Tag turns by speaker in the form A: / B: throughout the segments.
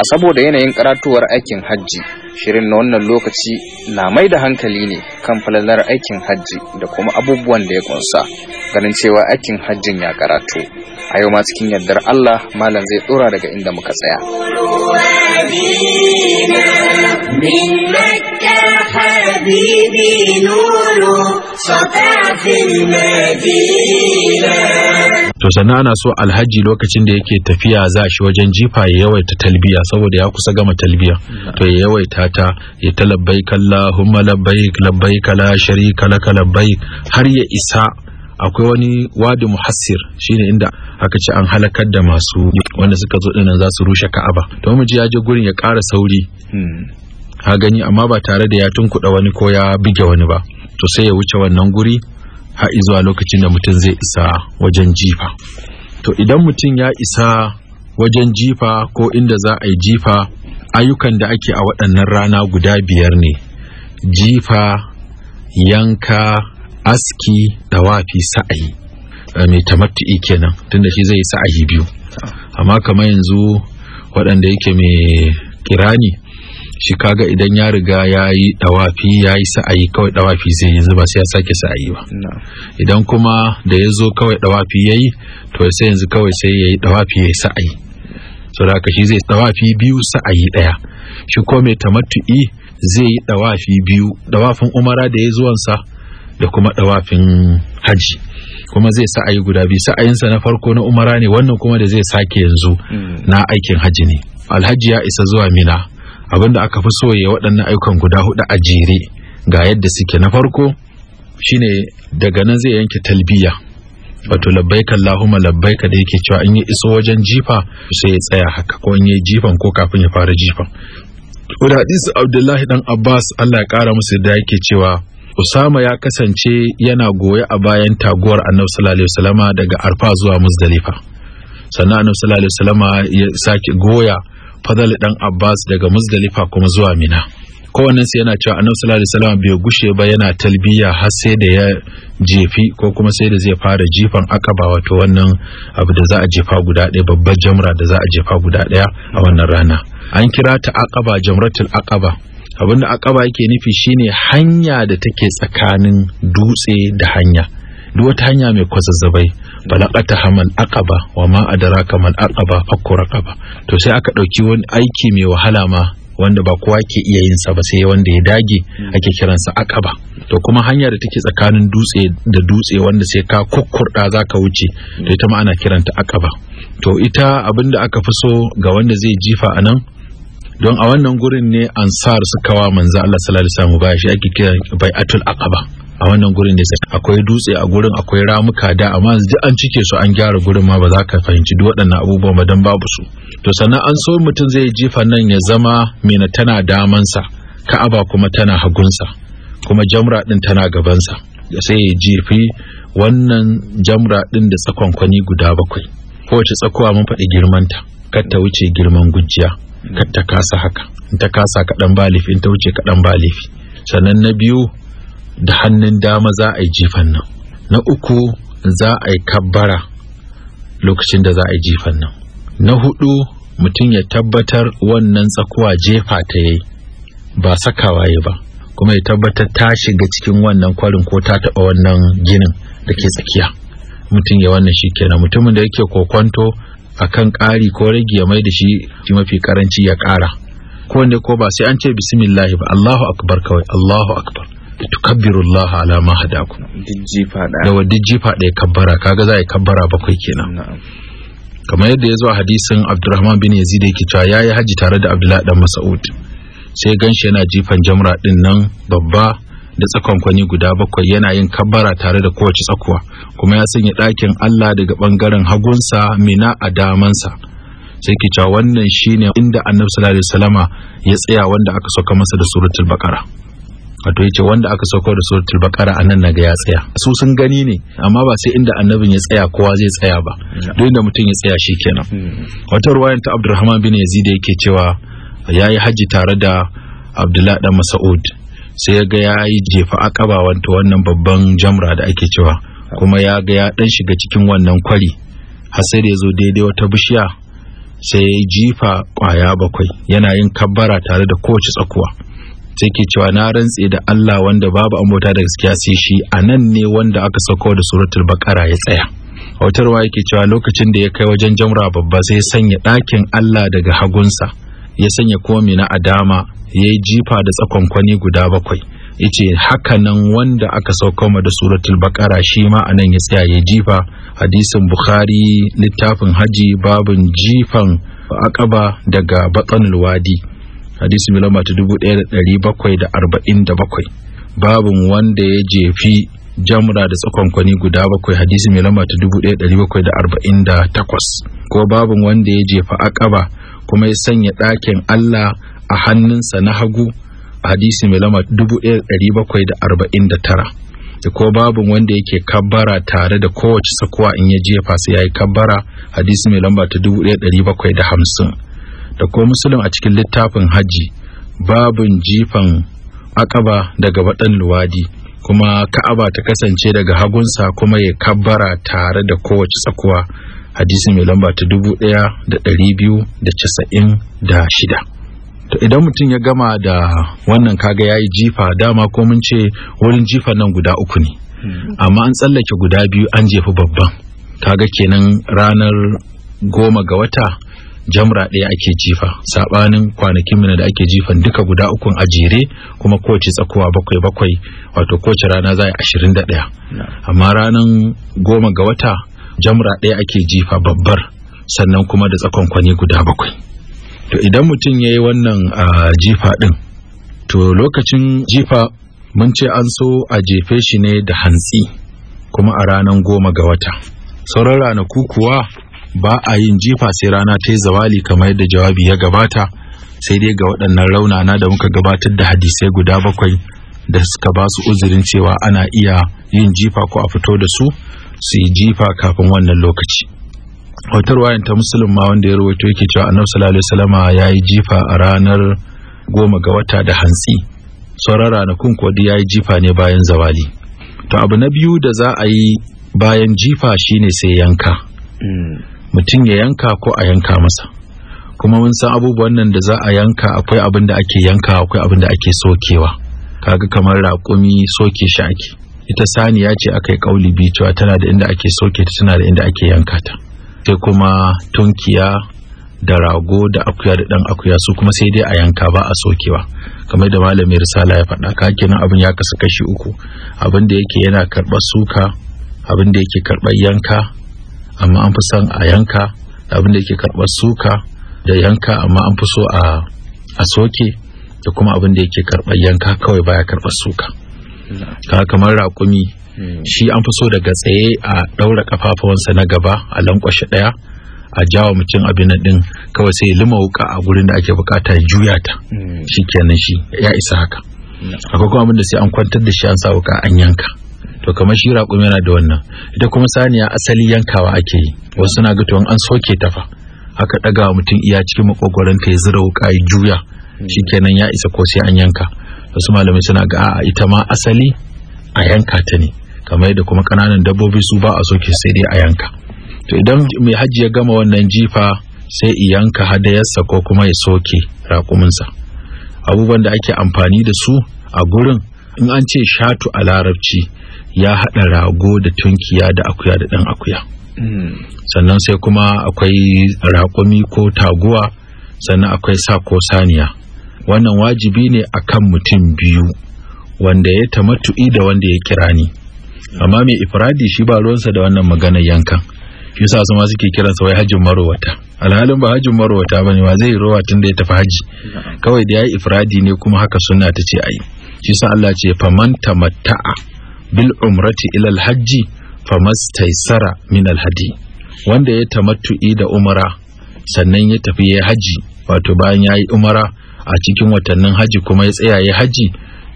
A: A saboda yanayin karatuwar aikin hajji, shirin na wannan lokaci na mai da hankali ne kan falalar aikin hajji da kuma abubuwan da ya kunsa, ganin cewa aikin hajjin ya karatu. A yau ma cikin yardar Allah, Malam zai tsora daga inda muka tsaya. نبينا من مكة حبيبي نوره سطع في المدينة to sannan ana so alhaji lokacin da yake tafiya za shi wajen jifa ya yawaita talbiya saboda ya kusa gama talbiya to ya yawaita ta ya ta labbaik allahumma labbaik labbaik la sharika laka labbaik har ya isa akwai wani wadi muhassir shine inda aka ce an halakar da masu wanda suka zo dinan za su rushe ka'aba to mu ji ya je gurin ya ƙara sauri hmm. ha gani amma ba tare da ya tunkuɗa wani ko ya bige wani ba to sai ya wuce wannan guri ha zuwa lokacin da mutum zai isa wajen jifa to idan mutum ya isa wajen jifa ko inda za a yi jifa ayyukan da ake a waɗannan rana guda biyar ne jifa yanka aski dawafi sa'ayi eh, mai tamattu'i kenan da shi zai sa'ayi biyu amma kamar yanzu waɗanda yake mai kirani shi kaga idan ya riga ya yi dawafi ya yi sa'ayi kawai dawafi zai yanzu ba sai ya sake sa'ayi ba idan kuma da ya zo kawai dawafi ya yi to sai yanzu kawai sai ya yi dawafi ya yi sa'ayi so da haka shi zai dawafi biyu sa'ayi ɗaya shi ko mai tamattu'i zai yi dawafi biyu dawafin umara da ya zuwansa da kuma dawafin haji kuma zai sa yi guda biyu sa'ayinsa na farko na umara ne wannan kuma da zai sake yanzu hmm. na aikin haji ne alhaji ya isa zuwa mina abinda aka fi so ya waɗannan ayyukan guda hudu a jere ga yadda suke na farko shine daga nan zai yanke talbiya wato labbaika Allahumma labbaika da yake cewa in ya iso wajen jifa sai ya tsaya haka ko in ya jifan ko kafin ya fara jifa. Wadda hadisi Abdullahi dan Abbas Allah ya kara musu da yake cewa Usama ya kasance yana goye a bayan taguwar Annabi sallallahu alaihi wasallam daga Arfa zuwa Muzdalifa. Sannan Annabi sallallahu alaihi wasallam ya sake goya Fadl dan Abbas daga Muzdalifa kuma zuwa Mina. kowannen su yana cewa annabi sallallahu alaihi wasallam bai gushe ba yana talbiya har sai da ya jefi ko kuma sai da zai fara jifan akaba wato wannan abu da za a jefa guda ɗaya babbar jamra da za a jefa guda ɗaya a wannan rana an kira ta akaba jamratul akaba abinda akaba yake nufi shine hanya da take tsakanin dutse da hanya duk wata hanya mai kwazazzabai balaqata hamal aqaba wa ma adraka mal aqaba fakku raqaba to sai aka dauki wani aiki mai wahala ma wanda ba kowa ke iya yin sa ba sai wanda ya dage hmm. ake kiransa akaba to kuma hanya da take tsakanin dutse da dutse wanda sai ka kukkurda zaka wuce to ita ma ana kiranta akaba to ita abinda aka fi so ga wanda zai jifa anan don a wannan gurin ne ansar suka kawa manzo Allah sallallahu alaihi wasallam baya ake kira bai'atul aqaba a wannan gurin ne akwai dutse a gurin akwai ramuka da amma ji an cike su an gyara gurin ma ba za ka fahimci duk waɗannan abubuwan ba dan babu su to sannan an so mutum zai fa nan ya zama mena tana damansa ka'aba kuma tana hagunsa kuma jamra din tana gabansa sai ya jifi wannan jamra din da tsakonkwani guda bakwai kowace tsakuwa mun faɗi girmanta kar ta wuce girman gujiya ta kasa haka in ta kasa kaɗan ba laifi ta wuce kaɗan ba laifi sannan na biyu da hannun dama za a yi jifan nan na uku za a yi kabbara lokacin da za a yi jifan nan na hudu mutum ya tabbatar wannan tsakuwa jefa ta yi ba sakawa yi ba kuma ya tabbatar ta shiga cikin wannan kwarin ko ta taɓa wannan ginin da ke tsakiya mutum ya wannan shi kenan mutumin da yake kokwanto akan ƙari ko rage ya mai da shi mafi karanci ya ƙara ko ne ko ba sai an ce bismillah ba Allahu akbar kawai Allahu akbar tukabbirullah ala ma hadaku dijjifa daya da wadda jifa ya kabbara kaga za a yi kabbara bakwai kenan kamar yadda ya zo a hadisin Abdurrahman bin Yazid yake cewa yayi haji tare da Abdullahi dan Mas'ud sai ganshi yana jifan jamra din nan babba da tsakon kwani guda bakwai yana yin kabbara tare da kowace tsakuwa kuma ya sanya ɗakin Allah daga ɓangaren hagunsa mina a damansa sai ke cewa wannan shine inda annabi sallallahu alaihi wasallama ya tsaya wanda aka sauka masa da suratul baqara wato yace wanda aka sauka da suratul baqara anan naga ya tsaya su sun gani ne amma ba sai inda annabin ya tsaya kowa zai tsaya ba duk inda mutum ya tsaya shi kenan. wata ruwayan ta Abdurrahman bin Yazid yake cewa yayi haji tare da Abdullah dan Mas'ud sai ya ga ya yi jefa akaba wanta wannan babban jamra da ake cewa kuma ya ga ya dan shiga cikin wannan kwari har sai da ya zo daidai wata bishiya sai ya jifa kwaya bakwai yana yin kabbara tare da kowace tsakuwa sai ke cewa na rantse da Allah wanda babu amota da gaskiya sai shi a nan ne wanda aka sauko da suratul baqara ya tsaya wata yake cewa lokacin da ya kai wajen jamra babba sai ya sanya ɗakin Allah daga hagunsa ya sanya komi na adama ya yi jifa da tsakonkwani guda bakwai yace hakanan wanda aka saukoma da suratul baqara shi ma anan ya tsaya ya jifa hadisin bukhari littafin haji babin jifan akaba daga batsanul wadi hadisi milamata 1747 babin wanda ya jefi jamra da tsakonkwani guda bakwai hadisi milamata 1748 ko babin wanda ya jefa akaba kuma ya sanya ɗakin Allah a hannunsa na hagu a hadisi mai lama 1749 da ko babin wanda yake kabbara tare da kowace sakuwa in ya jefa sai ya yi kabbara hadisi mai lamba ta 1750 da ko musulun a cikin littafin haji, babin jifan akaba daga baɗan luwadi kuma ka'aba ta kasance daga hagunsa kuma ya kabbara tare da kowace sakuwa hadisi mai lamba ta 1296 to idan mutum ya gama da wannan kaga yayi jifa dama ko mun ce wurin jifa nan guda uku ne hmm. amma an tsallake guda biyu an jefi babban kaga kenan ranar goma ga wata jamra ɗaya ake jifa sabanin kwanakin mina da ake jifan duka guda ukun a jere kuma kowace tsakuwa bakwai bakwai wato kowace rana za a ashirin da ɗaya amma ranar goma ga wata jamra ɗaya ake jifa babbar sannan kuma da tsakon kwani guda bakwai to idan mutum ya yi wannan jifa ɗin to lokacin jifa mun ce an so a jefe shi ne da hantsi kuma a ranar goma ga wata sauran ranaku kuwa ba a yin jifa sai rana ta yi zawali kamar yadda jawabi ya gabata sai dai ga waɗannan raunana da muka gabatar da hadisai guda bakwai da suka ba su uzurin cewa ana iya yin jifa ko a fito da su su yi jifa kafin wannan lokaci wata ruwayan ta musulun ma wanda ya rawaito yake cewa annabi sallallahu alaihi wasallama yayi jifa a ranar goma ga wata da hantsi sauran ranakun kuwa ya yayi jifa ne bayan zawali to abu na biyu da za a yi bayan jifa shine sai yanka hmm. mutum ya yanka ko a yanka masa kuma mun san abubuwan nan da za a yanka akwai abin da ake yanka akwai abin da ake sokewa kaga kamar raƙumi soke shi ake ita saniya ce akai kauli biyu cewa tana da inda ake soke ta tana da inda ake yanka ta sai kuma tunkiya da rago da akuya da dan akuya su kuma sai dai a yanka ba a sokewa kamar da malamin risala ya faɗa ka kenan abin ya kasu kashi uku abin da yake yana karɓar suka abin da yake karɓar yanka amma an fi son a yanka abin da yake karɓar suka da yanka amma an fi so a soke da kuma abin da yake karɓar yanka kawai baya karɓar suka ka kamar raƙumi hmm. shi an fi so daga tsaye a ɗaura kafafuwansa na gaba a lankwashe ɗaya a jawa mutum abin din kawai sai lima wuka a gurin da ake bukata juya ta hmm. shi kenan shi ya isa haka akwai kuma da sai an kwantar da shi an sa wuka an yanka to kamar shi rakumi yana da wannan ita kuma saniya asali yankawa ake yi wasu na ga tuwon an soke ta fa aka ɗaga mutum iya cikin makogwaron ta ya zira wuka ya juya hmm. kenan ya isa ko sai an yanka wasu malamai suna ga a ita ma asali a yanka ta ne kamar yadda kuma kananan dabbobi su ba a soke sai dai a yanka to idan mai hajji ya gama wannan jifa sai i yanka hadayarsa ko kuma ya soke raƙuminsa abubuwan da ake amfani da su a gurin in an ce shatu a larabci ya haɗa rago da tunkiya da akuya da ɗan akuya hmm. sannan sai kuma akwai raƙumi ko taguwa sannan akwai sa ko saniya wannan wajibi ne akan mutum biyu wanda ya tamattu'i da wanda ya kira ni. amma mai ifradi shi ba ruwansa da wannan maganar yankan shi sa su ma suke kiransa wai hajjin marowata alhalin ba hajjin marowata ba bane ba zai rowa tun da ya tafi haji kawai da ya yi ifradi ne kuma haka sunna ta ce ayi shi sa Allah ce faman tamatta'a bil umrati ila al hajji famastaisara min al hadi wanda ya tamattu'i da umara sannan ya tafi ya haji wato bayan yayi umara a cikin watannin haji kuma ya tsaya ya haji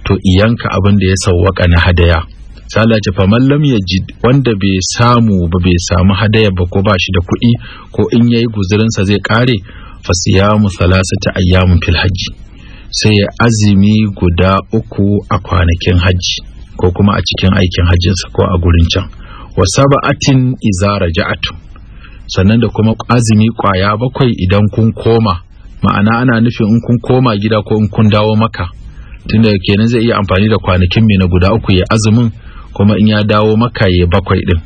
A: to iyanka abin da ya sawwaka na hadaya sala ce faman lam ji wanda bai samu ba bai samu hadaya ba ko ba shi da kuɗi ko in yayi sa zai kare fa siyamu salasata ayyamin fil haji sai ya azumi guda uku a kwanakin haji ko kuma a cikin aikin sa ko a gurin can wa saba'atin izara ja'atu sannan da kuma azumi kwaya bakwai idan kun koma ma'ana ana nufin in kun koma gida ko in kun dawo maka tunda kenan zai iya amfani da kwanakin mai na guda uku ya azumin kuma in ya dawo maka ya bakwai din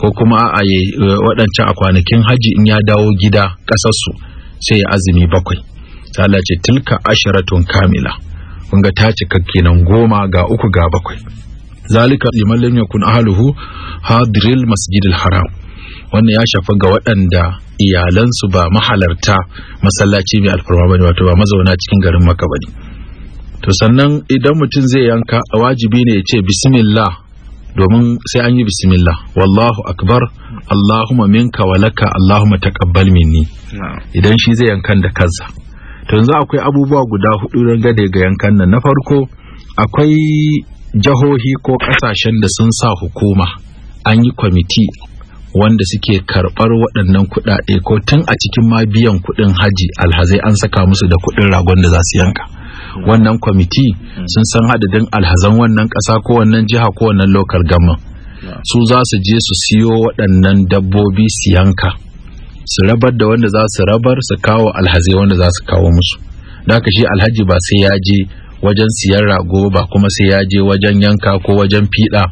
A: ko kuma a yi eh, waɗancan a kwanakin haji in ya dawo gida ƙasarsu sai ya azumi bakwai sala ce tilka asharatun kamila kun ga ta cika kenan goma ga uku ga bakwai zalika liman lam yakun ahluhu hadril masjidil haram wannan ya shafi ga waɗanda iyalansu ba mahalarta masallaci mai alfarma bane wato ba mazauna cikin garin maka bane to sannan idan mutum zai yanka wajibi ne ya ce bismillah domin sai an yi bismillah wallahu akbar allahumma minka walaka allahumma taqabbal minni idan shi zai yankan da kansa to yanzu akwai abubuwa guda hudu gade ga yankan nan na farko akwai jahohi ko kasashen da sun sa hukuma an yi kwamiti wanda suke karɓar waɗannan kuɗaɗe ko tun a cikin ma biyan kuɗin haji alhazai an saka musu da kuɗin ragon da za su yanka wannan kwamiti sun san hadadin alhazan wannan ƙasa ko wannan jiha ko wannan lokal gama su za su je su siyo waɗannan dabbobi su yanka su rabar da wanda za su rabar su kawo alhazai wanda za su kawo musu da shi alhaji ba sai ya je wajen siyan rago ba kuma sai ya je wajen yanka ko wajen fiɗa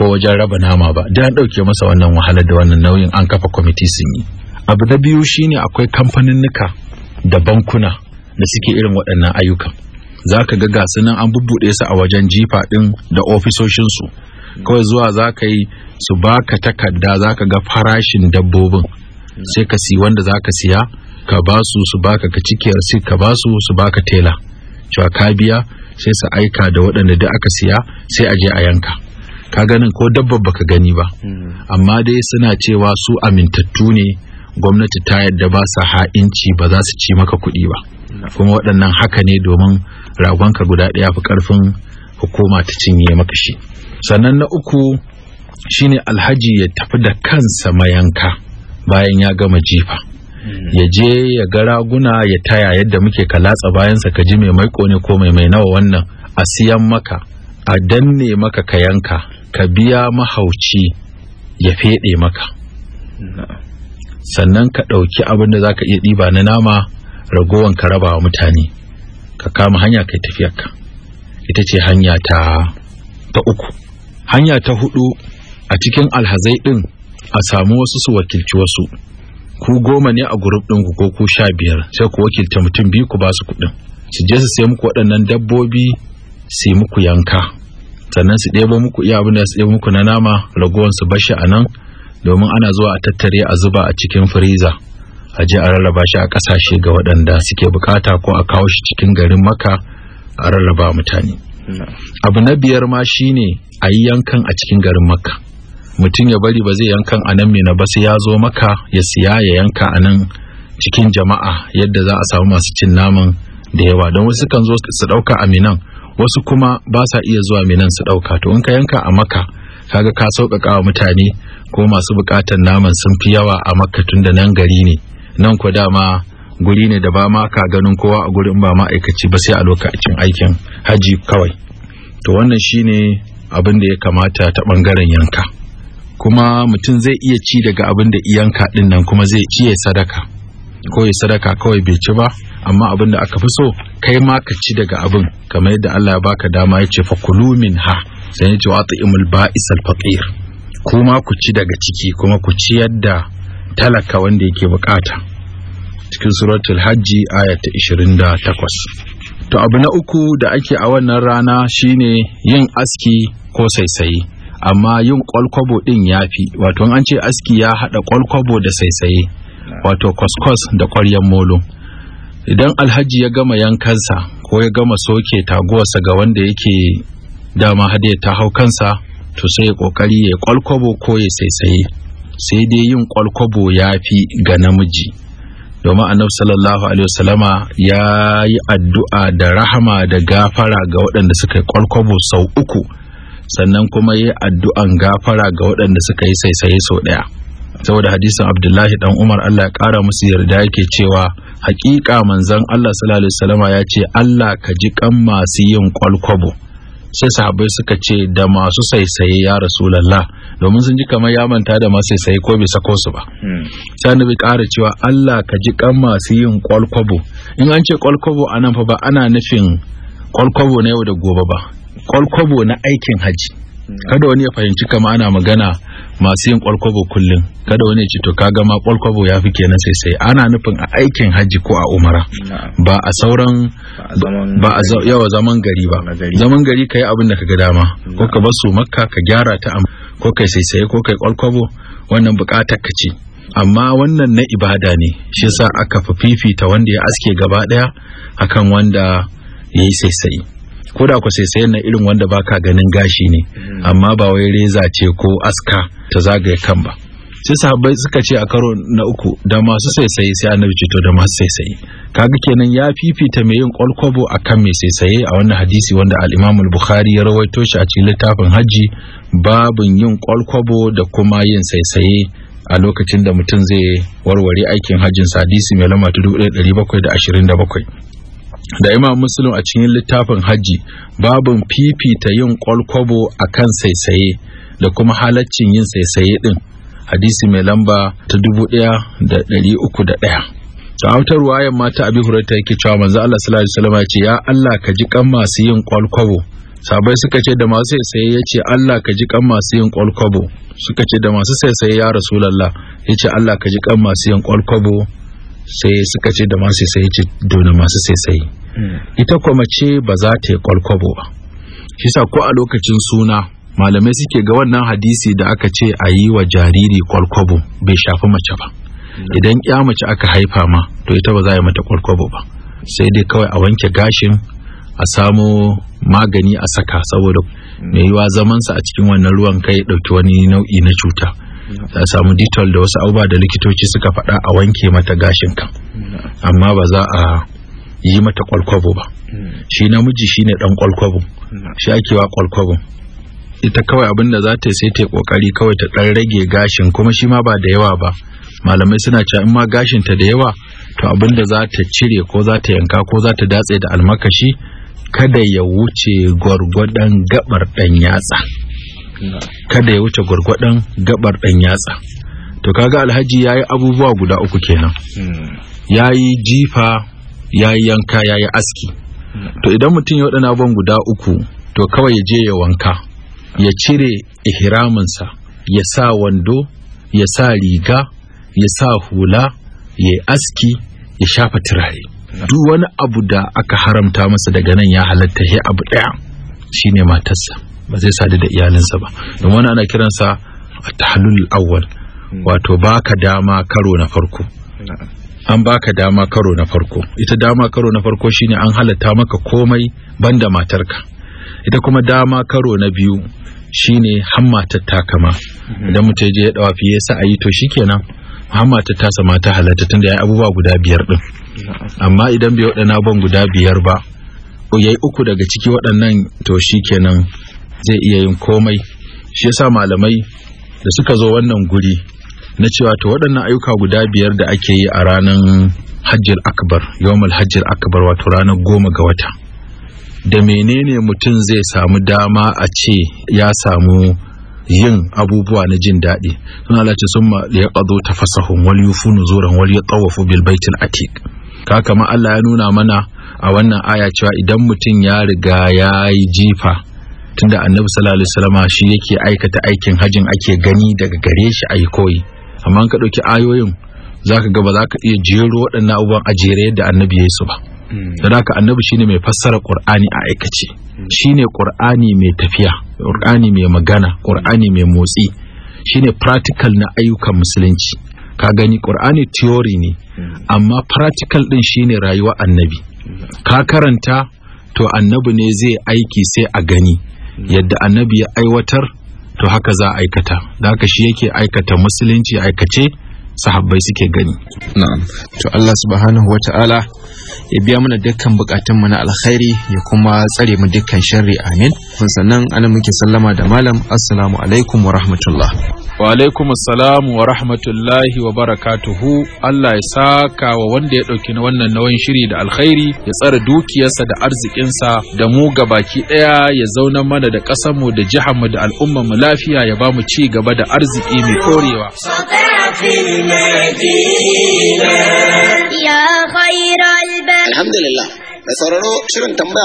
A: ko wajen raba nama ba dan an ɗauke masa wannan wahalar da wannan nauyin an kafa kwamiti sun yi abu na biyu shine akwai kamfaninnika da bankuna da suke irin waɗannan ayyukan za ka ga gasu nan an bubbuɗe su a wajen jifa ɗin da ofisoshin su kawai zuwa za ka yi su baka takarda za ka ga farashin dabbobin sai ka si wanda za ka siya ka ba su su baka ka cikiyar sai ka ba su su baka tela cewa ka biya sai su aika da waɗanda da aka siya sai a je a yanka ka ganin ko dabbar baka gani ba hmm. amma dai suna cewa su amintattu ne gwamnati ta yadda ba sa ha'inci ba za su ci maka kuɗi ba hmm. kuma waɗannan haka ne domin ragonka guda ɗaya fi ƙarfin hukuma ta cinye maka shi sannan na uku shine alhaji ya tafi da kansa mayanka bayan ya gama jifa hmm. ya je ya ga raguna ya taya yadda muke kalatsa bayansa ka ji mai maiko ne ko mai mai nawa wannan a siyan maka a danne maka ka yanka ka biya mahauci ya feɗe maka sannan ka ɗauki abin da za ka iya ɗiba na nama ragowan ka raba wa mutane ka kama hanya kai tafiyarka ita ce hanya ta ta uku hanya ta hudu a cikin alhazai ɗin a samu wasu su wakilci wasu ku goma ne a gurub ɗin ku ko ku sha biyar sai ku wakilta mutum biyu ku ba su kuɗin su je su sai muku waɗannan dabbobi sai muku yanka sannan su ɗebo muku iya abin da su ɗebo muku na nama ragowar su bashi a nan domin ana zuwa a tattare a zuba a cikin firiza a je a rarraba shi a ƙasashe ga waɗanda suke bukata ko a kawo shi cikin garin maka a rarraba mutane abu na biyar ma shine a yi yankan a cikin garin maka mutum ya bari ba zai yankan a nan mina ba sai ya zo maka ya siya ya yanka a nan cikin jama'a yadda za a samu masu cin naman da yawa don wasu kan zo su ɗauka a Minan. wasu kuma ba sa iya zuwa minan su ɗauka to in ka yanka a maka kaga ka sauƙaƙa wa mutane ko masu buƙatar naman sun fi yawa a maka tun da nan gari ne nan ku dama guri ne da ba ma ka ganin kowa a gurin ba ma'aikaci ba sai a lokacin aikin haji kawai to wannan shine abin da ya kamata ta ɓangaren yanka kuma mutum zai iya ci daga abin da iyanka ɗin nan kuma zai iya sadaka ko sadaka kawai bai ci ba amma abin da aka fi so kai ma ka ci daga abin kamar yadda Allah ya baka dama ya ce fakulu min ha sai ya ce wa ta'imul ba'is al-faqir kuma ku ci daga ciki kuma ku ci yadda talaka wanda yake bukata cikin suratul hajji aya ta 28 to abu na uku da ake a wannan rana shine yin aski ko saisaye amma yin kwalkwabo din yafi wato an ce aski ya hada kwalkwabo da saisaye wato kwaskwas da kwaryan molo idan alhaji ya gama yankansa ko ya gama soke taguwarsa ga wanda yake dama ya ta hau kansa to sai ya kokari ya kwalkwabo ko ya saisaye sai dai yin kwalkwabo ya fi ga namiji domin annabi sallallahu alaihi wasallama ya yi addu'a da rahama da gafara ga waɗanda suka yi kwalkwabo sau uku sannan kuma yi addu'an gafara ga waɗanda suka yi saisaye sau ɗaya saboda hadisin abdullahi dan umar allah ya ƙara musu yarda yake cewa hakika manzon Allah sallallahu alaihi wasallama ya ce Allah ka ji kan masu yin kwalkwabo sai sahabbai suka ce da masu saisaye ya rasulullah domin sun ji kamar ya manta da masu saisaye ko bai sako su ba hmm. sai annabi ƙara cewa Allah ka ji kan masu yin kwalkwabo in an ce kwalkwabo anan fa ba ana nufin kwalkwabo na yau da gobe ba kwalkwabo na aikin haji hmm. kada wani ya fahimci kama ana magana masu yin kwalkwabo kullum kada wani ci to kaga ma kwalkwabo ya fi kenan sai sai ana nufin a aikin hajji ko a umara ba a sauran ba a yawa zaman gari ba zaman gari ka abin da ka ga dama ko ka basu makka ka gyara ta ko kai sai sai ko kai kwalkwabo wannan bukatar ka ce amma wannan na ibada ne shi yasa aka fi fifita wanda ya aske gaba daya akan wanda ya yi sai sai ko ku sai na irin wanda baka ganin gashi ne mm. amma ba wai reza ce ko aska ta zagaye kan ba sai sahabbai suka ce a karo na uku da masu saisaye sai annabi ce to da masu saisaye kaga kenan ya fifita mai yin kwalkwabo akan mai saisaye a wannan hadisi wanda al-Imam bukhari ya rawaito shi a cikin littafin Hajji babin yin kwalkwabo da kuma yin saisaye a lokacin da mutum zai warware aikin hajjin hadisi mai lamba 1727 da imam muslim a cikin littafin hajji babin fifita yin kwalkwabo a kan saisaye da kuma halaccin yin saisaye din hadisi mai lamba ta dubu ɗaya da ɗari uku da ɗaya Sa'autar a wata ruwayan mata abi hurairah yake cewa manzo Allah sallallahu alaihi wasallam ya ce ya Allah ka ji kan masu yin kwalkwabo sabai suka ce da masu saisaye ya ce Allah ka ji kan masu yin kwalkwabo suka ce da masu saisaye ya rasulullah ya ce Allah ka ji kan masu yin kwalkwabo sai suka ce da masu sai ce dona masu sai sai hmm. ita kuma mace ba za ta yi kwalkwabo ba shi sa ko a lokacin suna malamai suke ga wannan hadisi da aka ce a yi wa jariri kwalkwabo bai shafi mace ba hmm. idan ya mace aka haifa ma to ita ba za a yi mata kwalkwabo ba sai dai kawai a wanke gashin a samo magani a saka saboda hmm. mai yiwa zamansa a cikin wannan ruwan kai ɗauki wani nau'i na cuta a samu detail da wasu abubuwa da likitoci suka faɗa a wanke mata gashin kan amma ba za a yi mata kwalkwabo ba shi namiji shi ne dan kwalkwabo shi ake wa kwalkwabo ita kawai abin da za ta sai ta kokari kawai ta ɗan rage gashin kuma shi ma ba da yawa ba malamai suna cewa in ma gashin ta da yawa to abin da za ta cire ko za ta yanka ko za ta datse da almakashi kada ya wuce gwargwadon gabar ɗan yatsa kada ya wuce gwargwadon gabar ɗan yatsa to kaga alhaji yayi abubuwa guda uku kenan hmm. yayi jifa yayi yanka yayi aski to idan mutum ya wadana ban guda uku to kawai ya je ya wanka ya cire ihraminsa ya sa wando ya sa riga ya sa hula ya aski ya shafa turare duk wani abu da aka haramta masa daga nan ya halatta shi abu ɗaya shine matarsa ba zai sadu da iyalinsa ba don wani ana kiransa a tahallul awwal hmm. wato baka dama karo na farko an baka dama karo na farko ita dama karo na farko shine an halatta maka komai banda matarka ita kuma dama karo na biyu shine hamma kama hmm. idan mutum je ya dawa fiye sa ayi to shikenan hamma ta tasa mata halatta tunda yayi abubuwa guda biyar din amma idan bai waɗana ban guda biyar ba yayi uku daga ciki waɗannan to shikenan zai iya yin komai shi yasa malamai da suka zo wannan guri na cewa to waɗannan ayyuka guda biyar da ake yi a ranar hajjar akbar yawon hajjar akbar wato ranar goma ga wata da menene mutum zai samu dama a ce ya samu yin abubuwa na jin daɗi suna lace sun ma ya ƙazo ta fasahun wal yufu nuzuran wal ya tsawafu bil baitil ka kama Allah ya nuna mana a wannan aya cewa idan mutum ya riga ya yi jifa tunda annabi sallallahu alaihi wasallam shi yake aikata aikin hajin ake gani daga gare shi ayi koyi amma ka dauki ayoyin zaka ga ba za ka iya jero waɗannan abubuwan a jere yadda annabi ya yi su ba hmm. don haka annabi shine mai fassara qur'ani a aikace hmm. shine qur'ani mai tafiya qur'ani mai magana qur'ani mai motsi shine practical na ayyukan musulunci ka gani qur'ani theory ne hmm. amma practical din shine rayuwar annabi ka karanta to annabi ne zai aiki sai a gani yadda annabi ya aiwatar to haka za a aikata da haka shi yake aikata musulunci aikace sahabbai suke gani na'am to Allah subhanahu wata'ala ya biya mana dukkan bukatun mu na alkhairi ya kuma tsare mu dukkan sharri amin sannan ana muke sallama da malam assalamu alaikum wa rahmatullah wa alaikum assalam wa rahmatullahi wa barakatuhu Allah ya saka wa wanda ya dauki wannan nawan shiri da alkhairi ya tsare dukiyarsa da arzikinsa da mu gabaki daya ya zauna mana da ƙasarmu da jihar mu da al'ummar mu lafiya ya ba mu ci gaba da arziki mai korewa في المدينة يا خير البلد الحمد لله mai sauraro shirin tambaya